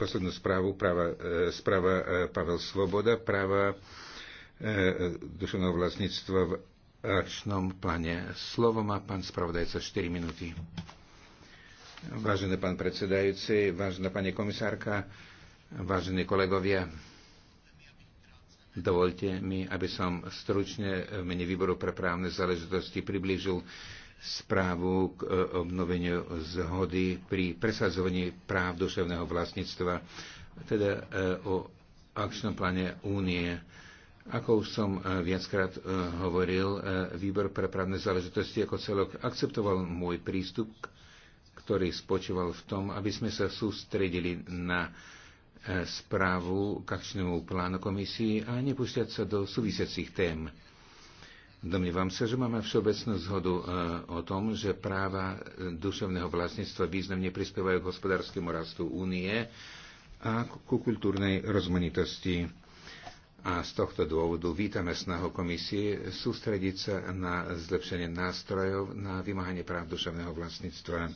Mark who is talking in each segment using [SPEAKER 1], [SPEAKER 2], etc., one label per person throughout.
[SPEAKER 1] poslednú správu, práva, e, správa e, Pavel Svoboda, práva e, dušeného vlastníctva v akčnom plane. Slovo má pán spravodajca 4 minúty. Vážený pán predsedajúci, vážená pani komisárka, vážení kolegovia, dovolte mi, aby som stručne v mene výboru pre právne záležitosti priblížil správu k e, obnoveniu zhody pri presadzovaní práv duševného vlastníctva, teda e, o akčnom pláne únie. Ako už som e, viackrát hovoril, výbor pre právne záležitosti ako celok akceptoval môj prístup, ktorý spočíval v tom, aby sme sa sústredili na správu k akčnému plánu komisii a nepúšťať sa do súvisiacich tém. Domnievam sa, že máme všeobecnú zhodu e, o tom, že práva e, duševného vlastníctva významne prispievajú k hospodárskemu rastu únie a ku kultúrnej rozmanitosti. A z tohto dôvodu vítame snahu komisie sústrediť sa na zlepšenie nástrojov na vymáhanie práv duševného vlastníctva.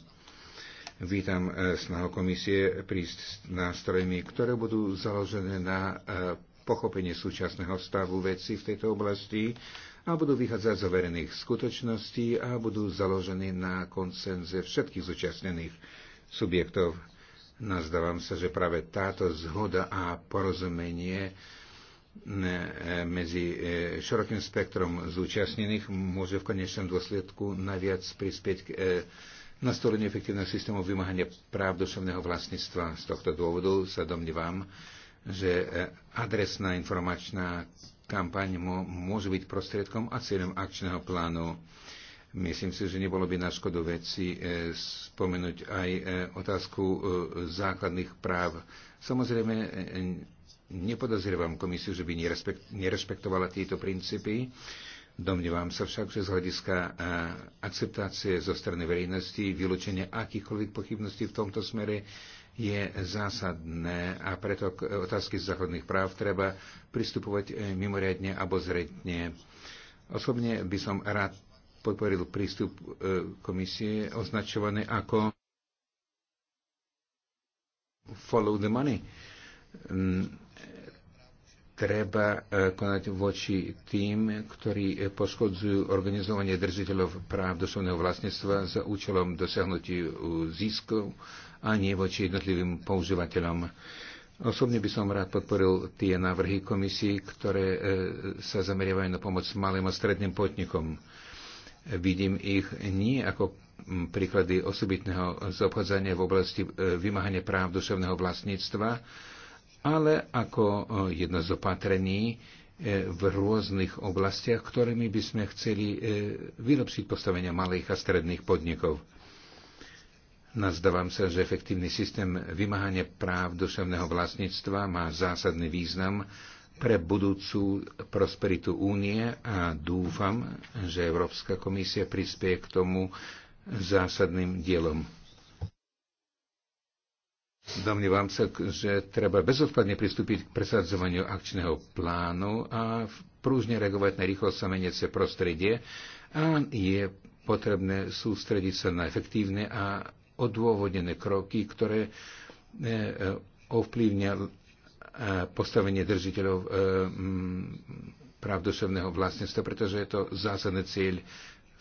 [SPEAKER 1] Vítam e, snahu komisie prísť s nástrojmi, ktoré budú založené na pochopenie súčasného stavu veci v tejto oblasti a budú vychádzať z overených skutočností a budú založené na koncenze všetkých zúčastnených subjektov. Nazdávam sa, že práve táto zhoda a porozumenie e, medzi e, širokým spektrom zúčastnených môže v konečnom dôsledku naviac prispieť k e, nastoleniu efektívneho systému vymáhania práv duševného vlastníctva. Z tohto dôvodu sa domnívam, že eh, adresná informačná kampaň môže byť prostriedkom a cieľom akčného plánu. Myslím si, že nebolo by na škodu veci eh, spomenúť aj eh, otázku základných práv. Samozrejme, nepodozrievam komisiu, že by nerespektovala tieto princípy. Domnievam sa však, že z hľadiska akceptácie zo strany verejnosti, vylúčenie akýchkoľvek pochybností v tomto smere je zásadné a preto k otázky záchodných práv treba pristupovať eh, mimoriadne a bozretne. Osobne by som rád podporil prístup eh, komisie označovaný ako follow the money mm, treba e, konať voči tým, ktorí poškodzujú organizovanie držiteľov práv doslovného vlastníctva za účelom dosiahnutí e, ziskov a nie voči jednotlivým používateľom. Osobne by som rád podporil tie návrhy komisii, ktoré e, sa zameriavajú na pomoc malým a stredným potnikom. Vidím ich nie ako príklady osobitného zobchádzania v oblasti vymáhania práv duševného vlastníctva, ale ako e, jedno z opatrení e, v rôznych oblastiach, ktorými by sme chceli e, vylepšiť postavenia malých a stredných podnikov. Nazdávam sa, že efektívny systém vymáhania práv duševného vlastníctva má zásadný význam pre budúcu prosperitu únie a dúfam, že Európska komisia prispieje k tomu zásadným dielom. Domnívam sa, že treba bezodpadne pristúpiť k presadzovaniu akčného plánu a prúžne reagovať na rýchlo sa meniace prostredie a je potrebné sústrediť sa na efektívne a odôvodnené kroky, ktoré e, ovplyvnia e, postavenie držiteľov e, práv duševného vlastníctva, pretože je to zásadný cieľ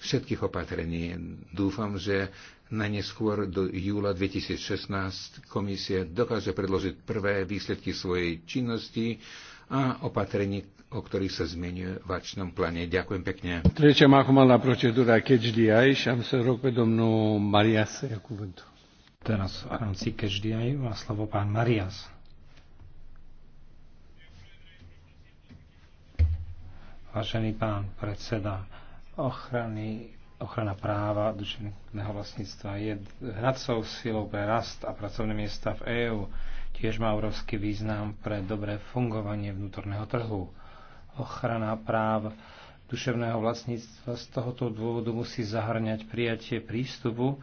[SPEAKER 1] všetkých opatrení. Dúfam, že najneskôr do júla 2016 komisia dokáže predložiť prvé výsledky svojej činnosti a opatrení, o ktorých sa zmenuje v ačnom pláne. Ďakujem pekne. Trecem acum la procedura CatchDI šam sa să rog pe Marias să ia
[SPEAKER 2] Teraz v rámci CatchDI má slovo pán Marias. Vážený pán predseda, ochrany, ochrana práva duševného vlastníctva je hracou silou pre rast a pracovné miesta v EÚ. Tiež má obrovský význam pre dobré fungovanie vnútorného trhu. Ochrana práv duševného vlastníctva z tohoto dôvodu musí zahrňať prijatie prístupu,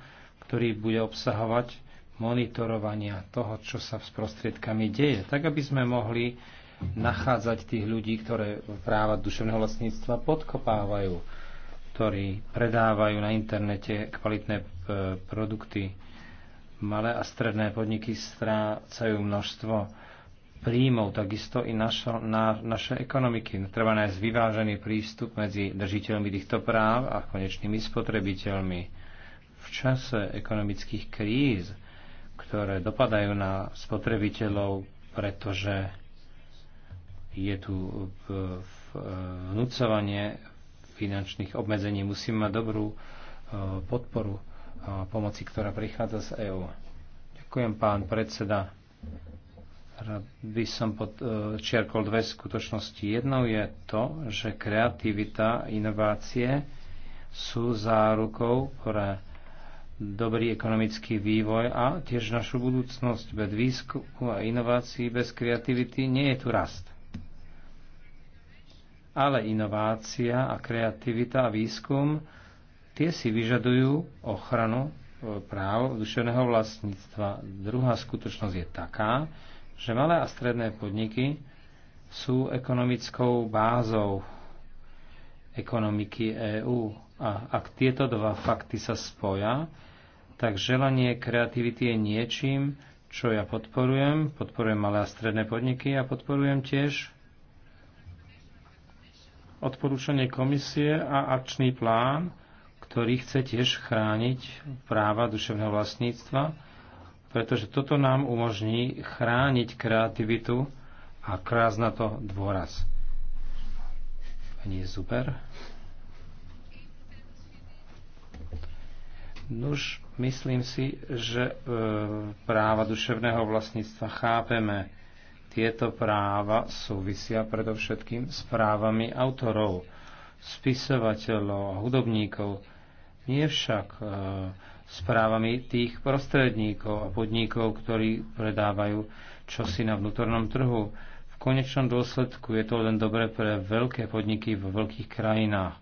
[SPEAKER 2] ktorý bude obsahovať monitorovania toho, čo sa s prostriedkami deje, tak aby sme mohli nachádzať tých ľudí, ktoré práva duševného vlastníctva podkopávajú ktorí predávajú na internete kvalitné e, produkty. Malé a stredné podniky strácajú množstvo príjmov, takisto i našo, na, naše ekonomiky. Treba nájsť vyvážený prístup medzi držiteľmi týchto práv a konečnými spotrebiteľmi. V čase ekonomických kríz, ktoré dopadajú na spotrebiteľov, pretože je tu e, vnúcovanie finančných obmedzení. Musíme mať dobrú e, podporu e, pomoci, ktorá prichádza z EÚ. Ďakujem, pán predseda. Rád by som podčiarkol e, dve skutočnosti. Jednou je to, že kreativita, inovácie sú zárukou pre dobrý ekonomický vývoj a tiež našu budúcnosť. Bez výskumu a inovácií, bez kreativity nie je tu rast ale inovácia a kreativita a výskum tie si vyžadujú ochranu e, práv duševného vlastníctva. Druhá skutočnosť je taká, že malé a stredné podniky sú ekonomickou bázou ekonomiky EÚ. A ak tieto dva fakty sa spoja, tak želanie kreativity je niečím, čo ja podporujem. Podporujem malé a stredné podniky a podporujem tiež odporúčanie komisie a akčný plán, ktorý chce tiež chrániť práva duševného vlastníctva, pretože toto nám umožní chrániť kreativitu a krás na to dôraz. Pani Zuber. Nuž, myslím si, že e, práva duševného vlastníctva chápeme tieto práva súvisia predovšetkým s právami autorov, spisovateľov a hudobníkov, nie však e, s právami tých prostredníkov a podnikov, ktorí predávajú čosi na vnútornom trhu. V konečnom dôsledku je to len dobre pre veľké podniky vo veľkých krajinách.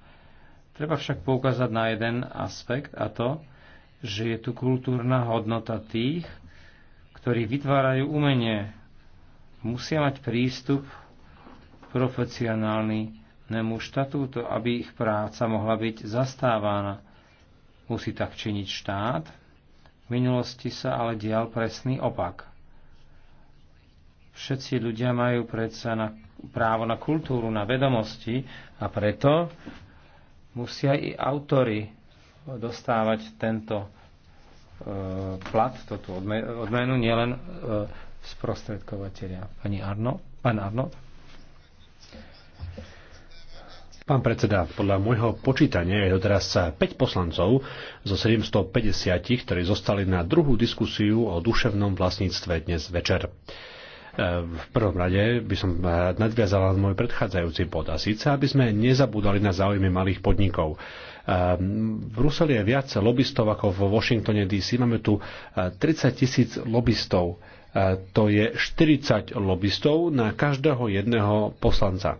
[SPEAKER 2] Treba však poukázať na jeden aspekt a to, že je tu kultúrna hodnota tých, ktorí vytvárajú umenie, musia mať prístup profesionálnemu štatúto, aby ich práca mohla byť zastávaná. Musí tak činiť štát, v minulosti sa ale dial presný opak. Všetci ľudia majú predsa na, právo na kultúru, na vedomosti a preto musia i autory dostávať tento e, plat, toto odmenu, nielen e, sprostredkovateľa. Pani Arno, pán Arno.
[SPEAKER 3] Pán predseda, podľa môjho počítania je doteraz 5 poslancov zo 750, ktorí zostali na druhú diskusiu o duševnom vlastníctve dnes večer. E, v prvom rade by som nadviazala na môj predchádzajúci bod a síce, aby sme nezabúdali na záujmy malých podnikov. E, v Bruseli je viac lobbystov ako vo Washingtone DC. Máme tu 30 e, tisíc lobbystov to je 40 lobbystov na každého jedného poslanca.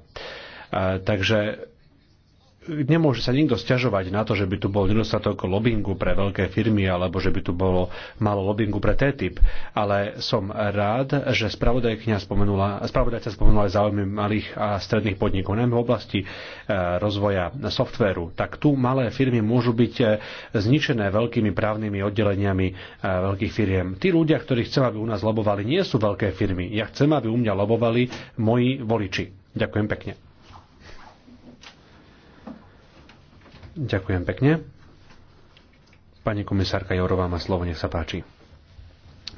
[SPEAKER 3] Takže nemôže sa nikto sťažovať na to, že by tu bol nedostatok lobingu pre veľké firmy alebo že by tu bolo malo lobingu pre TTIP. Ale som rád, že spravodajkňa spomenula, spravodajca spomenula aj záujmy malých a stredných podnikov, najmä v oblasti e, rozvoja softvéru. Tak tu malé firmy môžu byť e, zničené veľkými právnymi oddeleniami e, veľkých firiem. Tí ľudia, ktorí chcem, aby u nás lobovali, nie sú veľké firmy. Ja chcem, aby u mňa lobovali moji voliči. Ďakujem pekne. Ďakujem pekne. Pani komisárka Jorová má slovo, nech sa páči.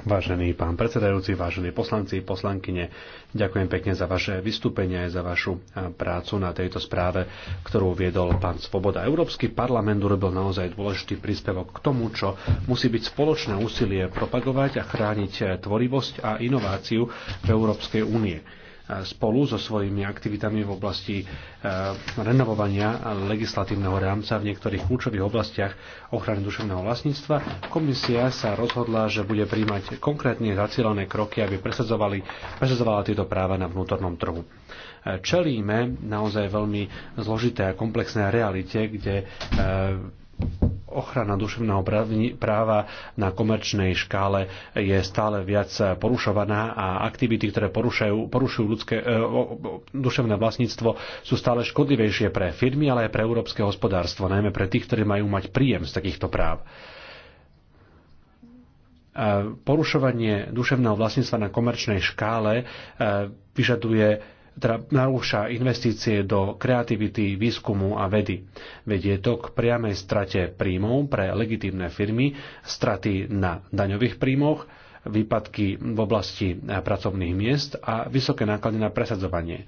[SPEAKER 3] Vážený pán predsedajúci, vážení poslanci, poslankyne, ďakujem pekne za vaše vystúpenie aj za vašu prácu na tejto správe, ktorú viedol pán Svoboda. Európsky parlament urobil naozaj dôležitý príspevok k tomu, čo musí byť spoločné úsilie propagovať a chrániť e, tvorivosť a inováciu v Európskej únie spolu so svojimi aktivitami v oblasti e, renovovania legislatívneho rámca v niektorých kľúčových oblastiach ochrany duševného vlastníctva. Komisia sa rozhodla, že bude príjmať konkrétne zacielené kroky, aby presadzovala tieto práva na vnútornom trhu e, čelíme naozaj veľmi zložité a komplexné realite, kde e, ochrana duševného práva na komerčnej škále je stále viac porušovaná a aktivity, ktoré porušajú, porušujú ľudské, e, duševné vlastníctvo, sú stále škodlivejšie pre firmy, ale aj pre európske hospodárstvo, najmä pre tých, ktorí majú mať príjem z takýchto práv e, porušovanie duševného vlastníctva na komerčnej škále e, vyžaduje teda narúša investície do kreativity, výskumu a vedy. Vedie to k priamej strate príjmov pre legitímne firmy, straty na daňových príjmoch, výpadky v oblasti pracovných miest a vysoké náklady na presadzovanie.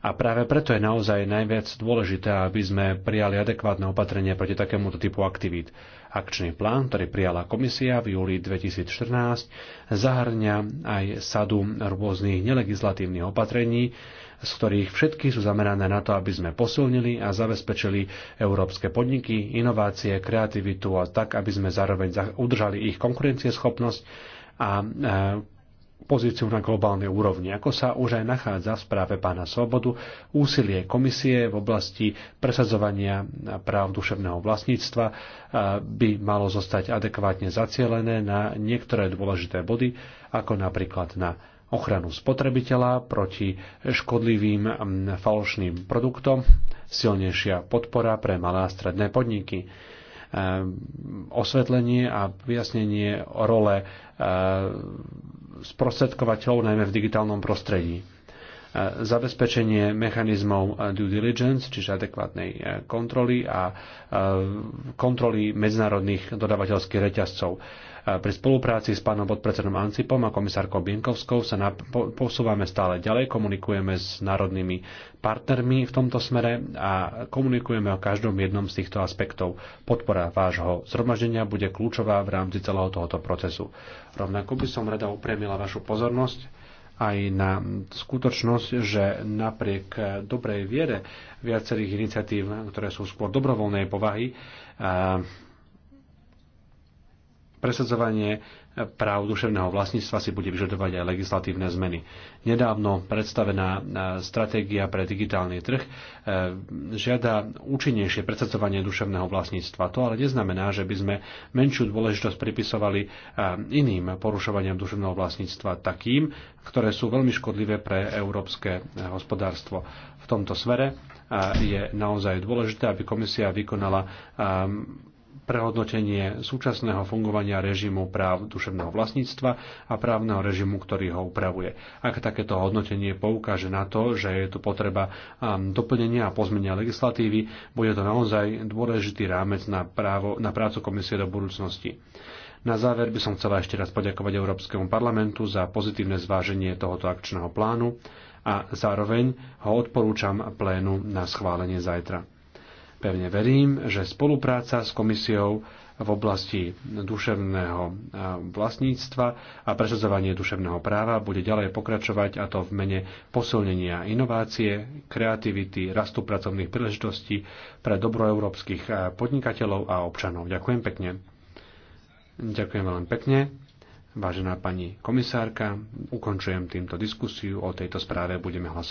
[SPEAKER 3] A práve preto je naozaj najviac dôležité, aby sme prijali adekvátne opatrenia proti takémuto typu aktivít. Akčný plán, ktorý prijala komisia v júli 2014, zahrňa aj sadu rôznych nelegislatívnych opatrení, z ktorých všetky sú zamerané na to, aby sme posilnili a zabezpečili európske podniky, inovácie, kreativitu a tak, aby sme zároveň udržali ich konkurencieschopnosť a e, pozíciu na globálnej úrovni, ako sa už aj nachádza v správe pána Svobodu, úsilie komisie v oblasti presadzovania práv duševného vlastníctva by malo zostať adekvátne zacielené na niektoré dôležité body, ako napríklad na ochranu spotrebiteľa proti škodlivým falošným produktom, silnejšia podpora pre malé a stredné podniky, osvetlenie a vyjasnenie role sprostredkovateľov, najmä v digitálnom prostredí zabezpečenie mechanizmov due diligence, čiže adekvátnej e, kontroly a e, kontroly medzinárodných dodavateľských reťazcov. E, pri spolupráci s pánom podpredsedom Ancipom a komisárkou Bienkovskou sa posúvame stále ďalej, komunikujeme s národnými partnermi v tomto smere a komunikujeme o každom jednom z týchto aspektov. Podpora vášho zhromaždenia bude kľúčová v rámci celého tohoto procesu. Rovnako by som rada upremila vašu pozornosť aj na skutočnosť, že napriek dobrej viere viacerých iniciatív, ktoré sú skôr dobrovoľnej povahy, Presadzovanie eh, práv duševného vlastníctva si bude vyžadovať aj legislatívne zmeny. Nedávno predstavená eh, stratégia pre digitálny trh eh, žiada účinnejšie predsadzovanie duševného vlastníctva. To ale neznamená, že by sme menšiu dôležitosť pripisovali iným porušovaniam duševného vlastníctva, takým, ktoré sú veľmi škodlivé pre európske hospodárstvo. V tomto svere je naozaj dôležité, aby komisia vykonala prehodnotenie súčasného fungovania režimu práv duševného vlastníctva a právneho režimu, ktorý ho upravuje. Ak takéto hodnotenie poukáže na to, že je tu potreba um, doplnenia a pozmenia legislatívy, bude to naozaj dôležitý rámec na, právo, na prácu komisie do budúcnosti. Na záver by som chcela ešte raz poďakovať Európskemu parlamentu za pozitívne zváženie tohoto akčného plánu a zároveň ho odporúčam plénu na schválenie zajtra. Pevne verím, že spolupráca s komisiou v oblasti duševného vlastníctva a presadzovanie duševného práva bude ďalej pokračovať a to v mene posilnenia inovácie, kreativity, rastu pracovných príležitostí pre dobro európskych podnikateľov a občanov. Ďakujem pekne. Ďakujem veľmi pekne. Vážená pani komisárka, ukončujem týmto diskusiu. O tejto správe budeme hlasovať.